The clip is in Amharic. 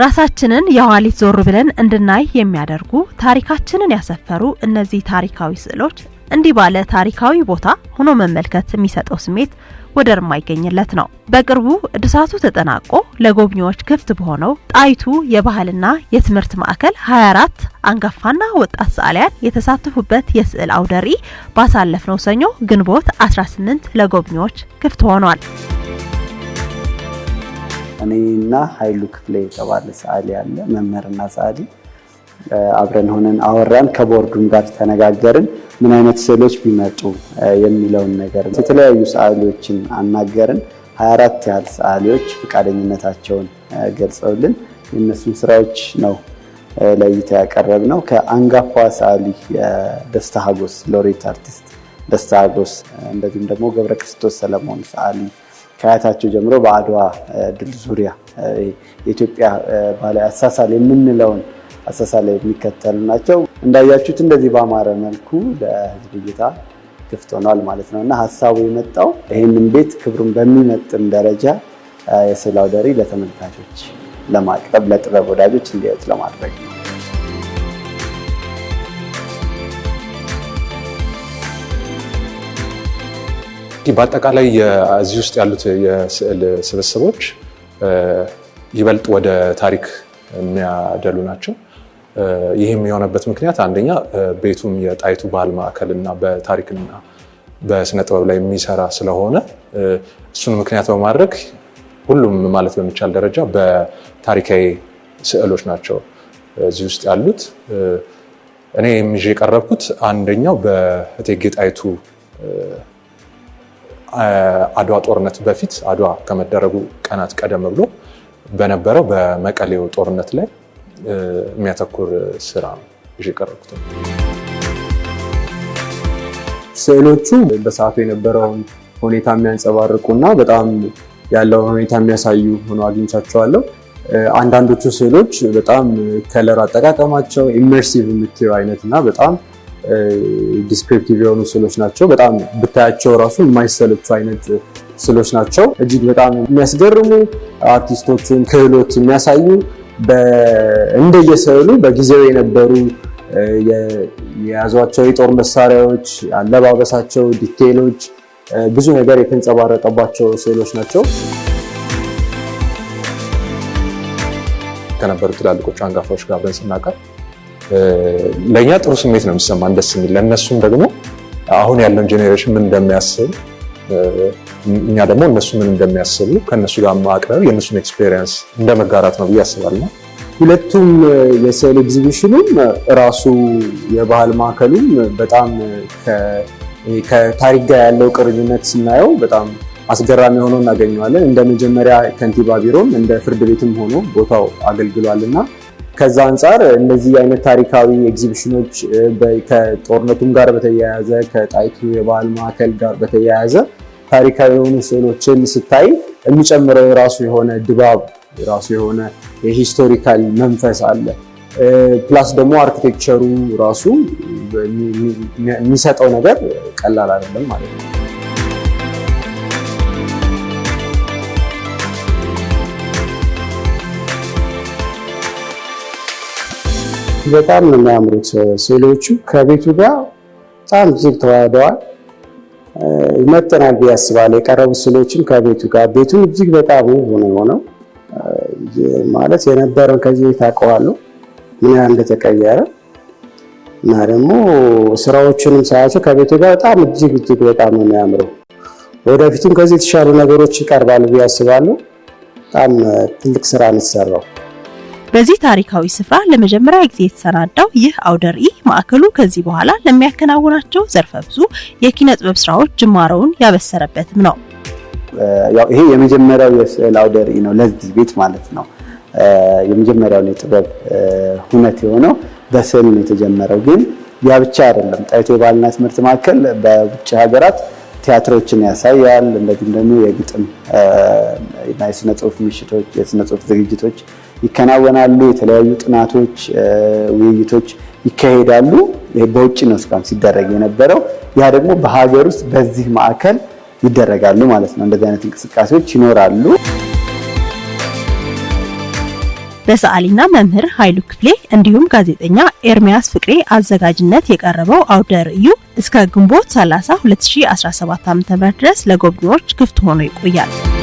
ራሳችንን የኋሊት ዞር ብለን እንድናይ የሚያደርጉ ታሪካችንን ያሰፈሩ እነዚህ ታሪካዊ ስዕሎች እንዲህ ባለ ታሪካዊ ቦታ ሆኖ መመልከት የሚሰጠው ስሜት ወደር የማይገኝለት ነው። በቅርቡ እድሳቱ ተጠናቆ ለጎብኚዎች ክፍት በሆነው ጣይቱ የባህልና የትምህርት ማዕከል 24 አንጋፋና ወጣት ሰዓሊያን የተሳተፉበት የስዕል አውደ ርዕይ ባሳለፍነው ሰኞ ግንቦት 18 ለጎብኚዎች ክፍት ሆኗል። እኔና ሀይሉ ክፍሌ የተባለ ሰዓሊ ያለ መምህርና ሰዓሊ አብረን ሆነን አወራን። ከቦርዱም ጋር ተነጋገርን ምን አይነት ስዕሎች ቢመጡ የሚለውን ነገር የተለያዩ ሰዓሊዎችን አናገርን። 24 ያህል ሰዓሊዎች ፈቃደኝነታቸውን ገልጸውልን የእነሱን ስራዎች ነው ያቀረብ ነው። ከአንጋፋ ሰዓሊ ደስታ ሀጎስ ሎሬት አርቲስት ደስታ ሀጎስ እንደዚሁም ደግሞ ገብረ ክርስቶስ ሰለሞን ሰዓሊ ከአያታቸው ጀምሮ በአድዋ ድል ዙሪያ የኢትዮጵያ ባህላዊ አሳሳል የምንለውን አሳሳል የሚከተሉ ናቸው። እንዳያችሁት እንደዚህ በአማረ መልኩ ለህዝብ እይታ ክፍት ሆኗል ማለት ነው እና ሀሳቡ የመጣው ይህንን ቤት ክብሩን በሚመጥን ደረጃ የስዕል አውደ ርዕይ ለተመልካቾች ለማቅረብ ለጥበብ ወዳጆች እንዲያዩት ለማድረግ ነው። በአጠቃላይ እዚህ ውስጥ ያሉት የስዕል ስብስቦች ይበልጥ ወደ ታሪክ የሚያደሉ ናቸው። ይህም የሆነበት ምክንያት አንደኛ ቤቱም የጣይቱ ባህል ማዕከልና በታሪክና በስነ ጥበብ ላይ የሚሰራ ስለሆነ እሱን ምክንያት በማድረግ ሁሉም ማለት በሚቻል ደረጃ በታሪካዊ ስዕሎች ናቸው እዚህ ውስጥ ያሉት። እኔ ይዤ የቀረብኩት አንደኛው በእቴጌ ጣይቱ አድዋ ጦርነት በፊት አድዋ ከመደረጉ ቀናት ቀደም ብሎ በነበረው በመቀሌው ጦርነት ላይ የሚያተኩር ስራ ነው ስዕሎቹ በሰዓቱ የነበረውን ሁኔታ የሚያንጸባርቁ እና በጣም ያለውን ሁኔታ የሚያሳዩ ሆኖ አግኝቻቸዋለሁ። አንዳንዶቹ ስዕሎች በጣም ከለር አጠቃቀማቸው ኢመርሲቭ የምትለው አይነት እና በጣም ዲስክሪፕቲቭ የሆኑ ስዕሎች ናቸው። በጣም ብታያቸው ራሱ የማይሰለቹ አይነት ስዕሎች ናቸው። እጅግ በጣም የሚያስገርሙ አርቲስቶቹን ክህሎት የሚያሳዩ እንደየስዕሉ በጊዜው የነበሩ የያዟቸው የጦር መሳሪያዎች፣ አለባበሳቸው፣ ዲቴሎች ብዙ ነገር የተንጸባረቀባቸው ስዕሎች ናቸው። ከነበሩ ትላልቆቹ አንጋፋዎች ጋር አብረን ስናቀር ለእኛ ጥሩ ስሜት ነው የሚሰማን ደስ የሚል ለእነሱም ደግሞ አሁን ያለውን ጄኔሬሽን ምን እንደሚያስብ እኛ ደግሞ እነሱ ምን እንደሚያስቡ ከእነሱ ጋር ማቅረብ የእነሱን ኤክስፔሪንስ እንደ መጋራት ነው ብዬ አስባለሁ። ሁለቱም የስዕል ኤግዚቢሽኑም ራሱ የባህል ማዕከሉም በጣም ከታሪክ ጋር ያለው ቅርኝነት ስናየው በጣም አስገራሚ ሆኖ እናገኘዋለን። እንደ መጀመሪያ ከንቲባ ቢሮም እንደ ፍርድ ቤትም ሆኖ ቦታው አገልግሏል እና ከዛ አንጻር እነዚህ አይነት ታሪካዊ ኤግዚቢሽኖች ከጦርነቱም ጋር በተያያዘ ከጣይቱ የባህል ማዕከል ጋር በተያያዘ ታሪካዊ የሆኑ ስዕሎችን ስታይ የሚጨምረው የራሱ የሆነ ድባብ የራሱ የሆነ የሂስቶሪካል መንፈስ አለ። ፕላስ ደግሞ አርኪቴክቸሩ ራሱ የሚሰጠው ነገር ቀላል አይደለም ማለት ነው። በጣም ነው የሚያምሩት ስዕሎቹ። ከቤቱ ጋር በጣም እጅግ ተዋህደዋል። ይመጠናል ብዬ አስባለሁ። የቀረቡት ስዕሎችም ከቤቱ ጋር ቤቱን እጅግ በጣም ውብ ሆኖ የሆነው ማለት የነበረን ከዚህ ቤት አውቀዋለሁ ምን ያህል እንደተቀየረ እና ደግሞ ስራዎችንም ሳያቸው ከቤቱ ጋር በጣም እጅግ እጅግ በጣም ነው የሚያምረው። ወደፊቱም ከዚህ የተሻሉ ነገሮች ይቀርባሉ ብዬ አስባለሁ። በጣም ትልቅ ስራ ነው የተሰራው። በዚህ ታሪካዊ ስፍራ ለመጀመሪያ ጊዜ የተሰናዳው ይህ አውደ ርዕይ ማዕከሉ ከዚህ በኋላ ለሚያከናውናቸው ዘርፈ ብዙ የኪነ ጥበብ ስራዎች ጅማረውን ያበሰረበትም ነው። ያው ይሄ የመጀመሪያው የስዕል አውደ ርዕይ ነው ለዚህ ቤት ማለት ነው። የመጀመሪያውን የጥበብ ሁነት የሆነው በስዕል ነው የተጀመረው። ግን ያ ብቻ አይደለም። ጣይቱ የባህልና ትምህርት ማዕከል በውጭ ሀገራት ቲያትሮችን ያሳያል። እንደዚሁም ደግሞ የግጥም እና የስነ ጽሁፍ ምሽቶች፣ የስነ ጽሁፍ ዝግጅቶች ይከናወናሉ። የተለያዩ ጥናቶች፣ ውይይቶች ይካሄዳሉ። በውጭ ነው እስካሁን ሲደረግ የነበረው። ያ ደግሞ በሀገር ውስጥ በዚህ ማዕከል ይደረጋሉ ማለት ነው። እንደዚህ አይነት እንቅስቃሴዎች ይኖራሉ። በሰዓሊና መምህር ኃይሉ ክፍሌ እንዲሁም ጋዜጠኛ ኤርሚያስ ፍቅሬ አዘጋጅነት የቀረበው አውደ ርዕዩ እስከ ግንቦት 30 2017 ዓ.ም ድረስ ለጎብኚዎች ክፍት ሆኖ ይቆያል።